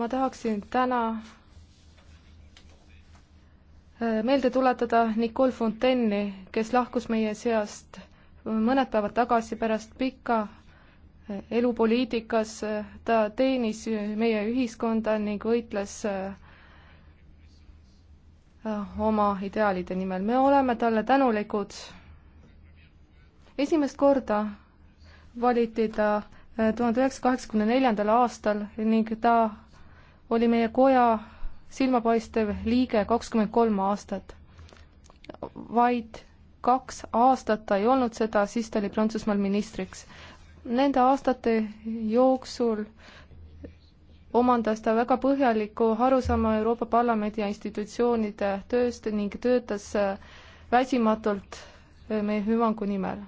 ma tahaksin täna äh, meelde tuletada Nicole Fontaine'i, kes lahkus meie seast äh, mõned päevad tagasi pärast pikka äh, elu poliitikas. ta teenis meie ühiskonda ning võitles oma ideaalide nimel. me oleme talle tänulikud. esimest korda valiti ta tuhande üheksasaja kaheksakümne neljandal aastal ning ta oli meie koja silmapaistev liige kakskümmend kolm aastat. vaid kaks aastat ta ei olnud seda, siis ta oli Prantsusmaal ministriks. Nende aastate jooksul omandas ta väga põhjaliku arusaama Euroopa Parlamendi ja institutsioonide tööst ning töötas väsimatult meie hüvangu nimel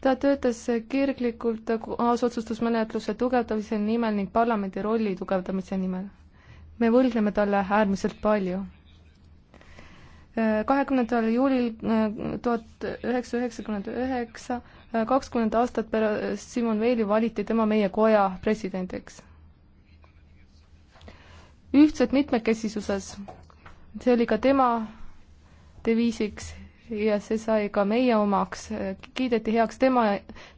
ta töötas kirglikult kaasotsustusmenetluse tugevdamise nimel ning parlamendi rolli tugevdamise nimel. me võlgneme talle äärmiselt palju. kahekümnendal juulil äh, tuhat üheksasada üheksakümmend üheksa, äh, kakskümmend aastat pärast Simon Veili valiti tema meie koja presidendiks. ühtset mitmekesisuses, see oli ka tema deviisiks ja see sai ka meie omaks, kiideti heaks tema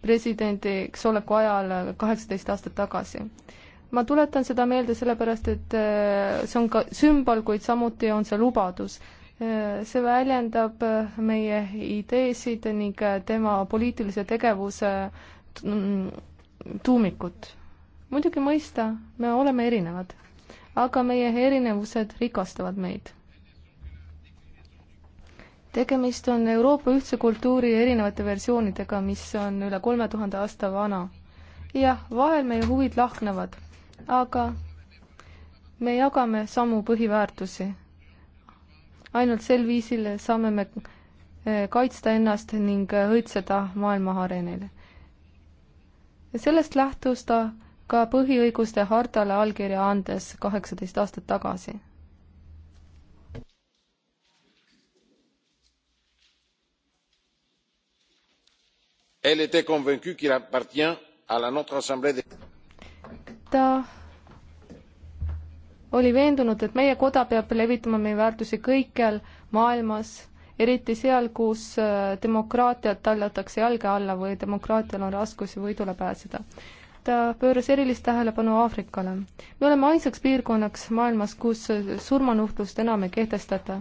presidendiks oleku ajal kaheksateist aastat tagasi. ma tuletan seda meelde sellepärast, et äh, see on ka sümbol, kuid samuti on see lubadus. Äh, see väljendab äh, meie ideesid ning tema poliitilise tegevuse mm, tuumikut. muidugi mõista, me oleme erinevad, aga meie erinevused rikastavad meid tegemist on Euroopa ühtse kultuuri erinevate versioonidega, mis on üle kolme tuhande aasta vana. jah, vahel meie huvid lahknevad, aga me jagame samu põhiväärtusi. ainult sel viisil saame me eh, kaitsta ennast ning eh, õitseda maailma arenele. sellest lähtus ta ka põhiõiguste hartale allkirja andes kaheksateist aastat tagasi elle était convaincue qu'il appartient à notre assemblée des. ta oli veendunud et meie koda peab levitama meie väärtusi kõikjal maailmas eriti seal kus äh, demokraatiat tallatakse jalge alla või demokraatial on raskusi võidule pääseda ta pööras erilist tähelepanu Aafrikale. me oleme ainsaks piirkonnaks maailmas, kus surmanuhtlust enam ei kehtestata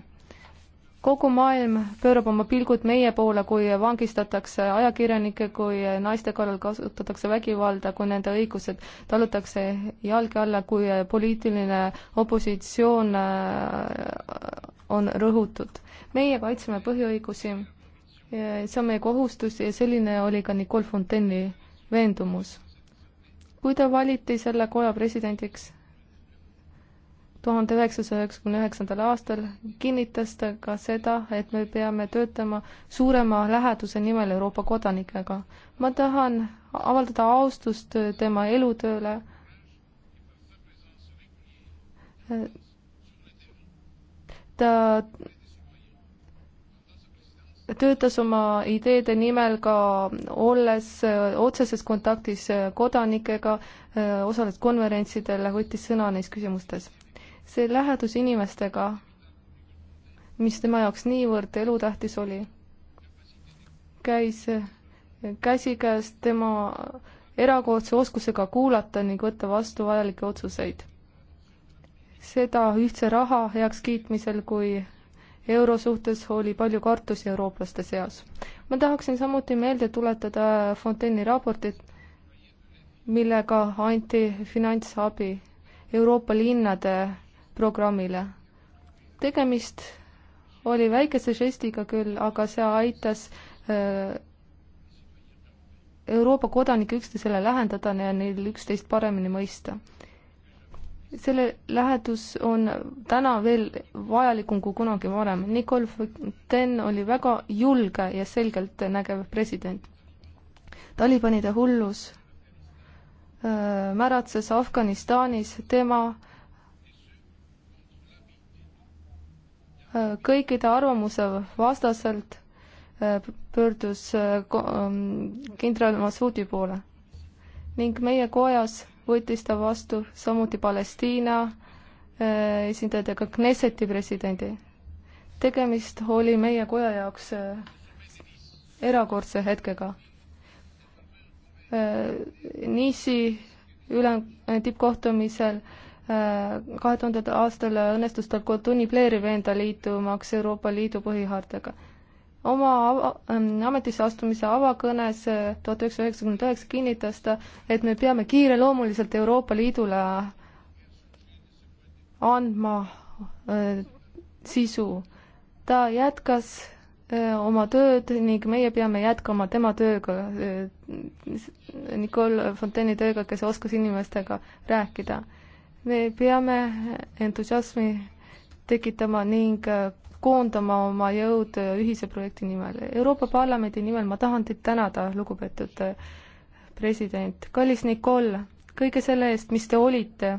kogu maailm pöörab oma pilgud meie poole, kui vangistatakse ajakirjanikke, kui naiste kallal kasutatakse vägivalda, kui nende õigused talutakse jalge alla, kui poliitiline opositsioon äh, on rõhutud. meie kaitseme põhiõigusi, äh, see on meie kohustus ja selline oli ka Nicole Fontaine'i veendumus. kui ta valiti selle koja presidendiks tuhande üheksasaja üheksakümne üheksandal aastal kinnitas ta ka seda, et me peame töötama suurema läheduse nimel Euroopa kodanikega. ma tahan avaldada austust tema elutööle. ta töötas oma ideede nimel ka olles otseses kontaktis kodanikega, osales konverentsidel, võttis sõna neis küsimustes see lähedus inimestega, mis tema jaoks niivõrd elutähtis oli, käis käsikäes tema erakordse oskusega kuulata ning võtta vastu vajalikke otsuseid. seda ühtse raha heakskiitmisel kui euro suhtes oli palju kartusi eurooplaste seas. ma tahaksin samuti meelde tuletada Fontaine'i raportit, millega anti finantsabi Euroopa linnade programmile. tegemist oli väikese žestiga küll, aga see aitas äh, Euroopa kodanikke üksteisele lähendada ja neil üksteist paremini mõista. selle lähedus on täna veel vajalikum kui kunagi varem. Nicole Fontaine oli väga julge ja selgelt nägev president. Talibanide hullus äh, märatses Afganistanis tema äh, kõikide arvamuse vastaselt äh, pöördus äh, ähm, kindral Masudi poole ning meie kojas võttis ta vastu samuti Palestiina äh, esindajatega Knesseti presidendi. tegemist oli meie koja jaoks erakordse hetkega. Niisi ülem, tippkohtumisel äh, kahe tuhandendal aastal õnnestus tal Cotonou Blairi veenda liitumaks Euroopa Liidu põhihaardega. oma ava, ähm, ametisse astumise avakõnes äh, tuhat üheksasada üheksakümmend üheksa kinnitas ta, et me peame kiireloomuliselt Euroopa Liidule andma äh, sisu. ta jätkas äh, oma tööd ning meie peame jätkama tema tööga äh,, Nicole Fontaine'i tööga, kes oskas inimestega rääkida me peame entusiasmi tekitama ning äh, koondama oma jõud äh, ühise projekti nimel. Euroopa Parlamendi nimel ma tahan teid tänada, lugupeetud äh, president, kallis Nicole, kõige selle eest, mis te olite,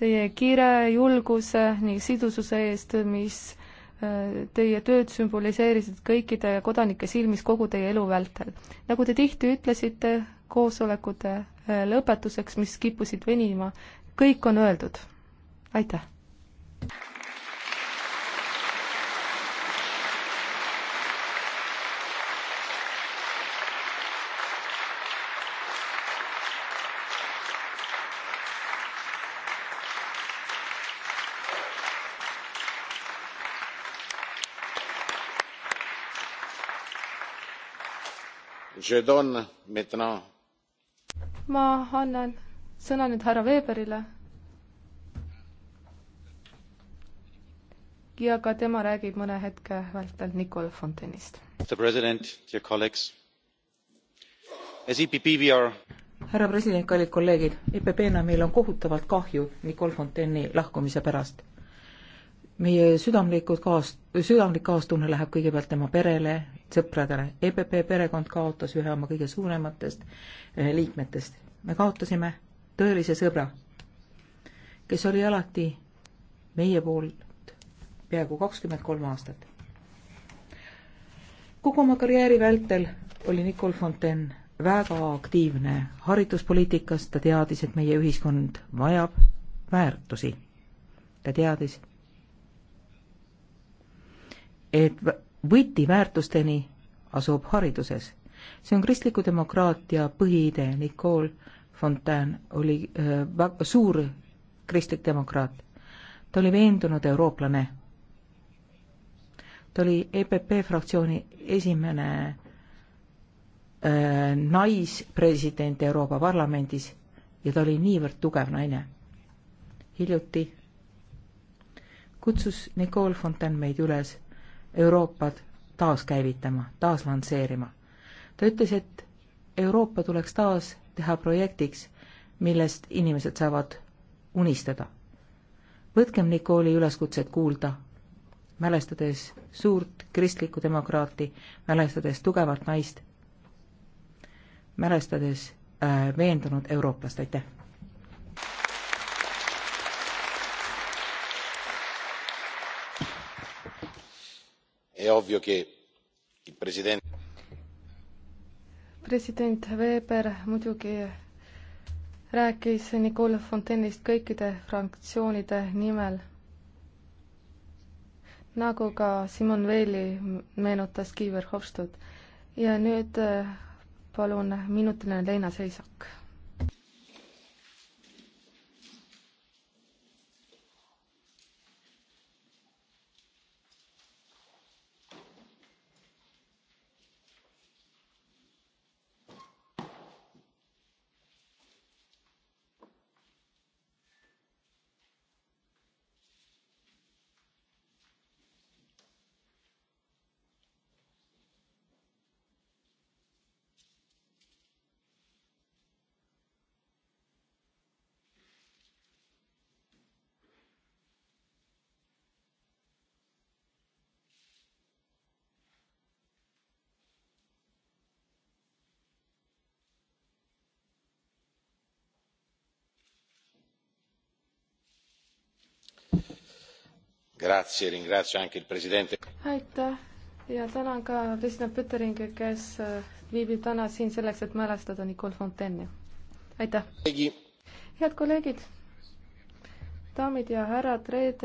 teie kire, julguse ning sidususe eest, mis teie tööd sümboliseerisid kõikide kodanike silmis kogu teie elu vältel. nagu te tihti ütlesite koosolekute lõpetuseks, mis kippusid venima, kõik on öeldud. aitäh! ma annan sõna nüüd härra Weberile. ja ka tema räägib mõne hetke vältel Nicole Fontenist. E härra president, kallid kolleegid, EPP-na meil on kohutavalt kahju Nicole Fonteni lahkumise pärast meie südamlikud kaas-, südamlik kaastunne läheb kõigepealt tema perele, sõpradele. EPP perekond kaotas ühe oma kõige suurematest eh, liikmetest. me kaotasime tõelise sõbra, kes oli alati meie poolt peaaegu kakskümmend kolm aastat. kogu oma karjääri vältel oli Nicole Fontaine väga aktiivne hariduspoliitikas, ta teadis, et meie ühiskond vajab väärtusi. ta teadis, et võti väärtusteni asub hariduses. see on kristliku demokraatia põhiidee, Nicole Fontaine oli äh, väga suur kristlik demokraat. ta oli veendunud eurooplane. ta oli EPP fraktsiooni esimene äh, naispresident Euroopa Parlamendis ja ta oli niivõrd tugev naine. hiljuti kutsus Nicole Fontaine meid üles Euroopat taaskäivitama, taaslansseerima. ta ütles, et Euroopa tuleks taas teha projektiks, millest inimesed saavad unistada. võtkem Nikoli üleskutset kuulda, mälestades suurt kristlikku demokraati, mälestades tugevat naist, mälestades äh, veendunud eurooplast, aitäh! è ovvio che il presidente president Weber muidugi rääkis Nicole Fontaine'ist kõikide fraktsioonide nimel. nagu ka Simon Veili meenutas Kiiver Hofstad. ja nüüd äh, palun minutiline leinaseisak aitäh ja tänan ka president Püteringi, kes äh, viibib täna siin selleks, et mälestada Nicole Fontaine'i. aitäh! head kolleegid, daamid ja härrad, reedel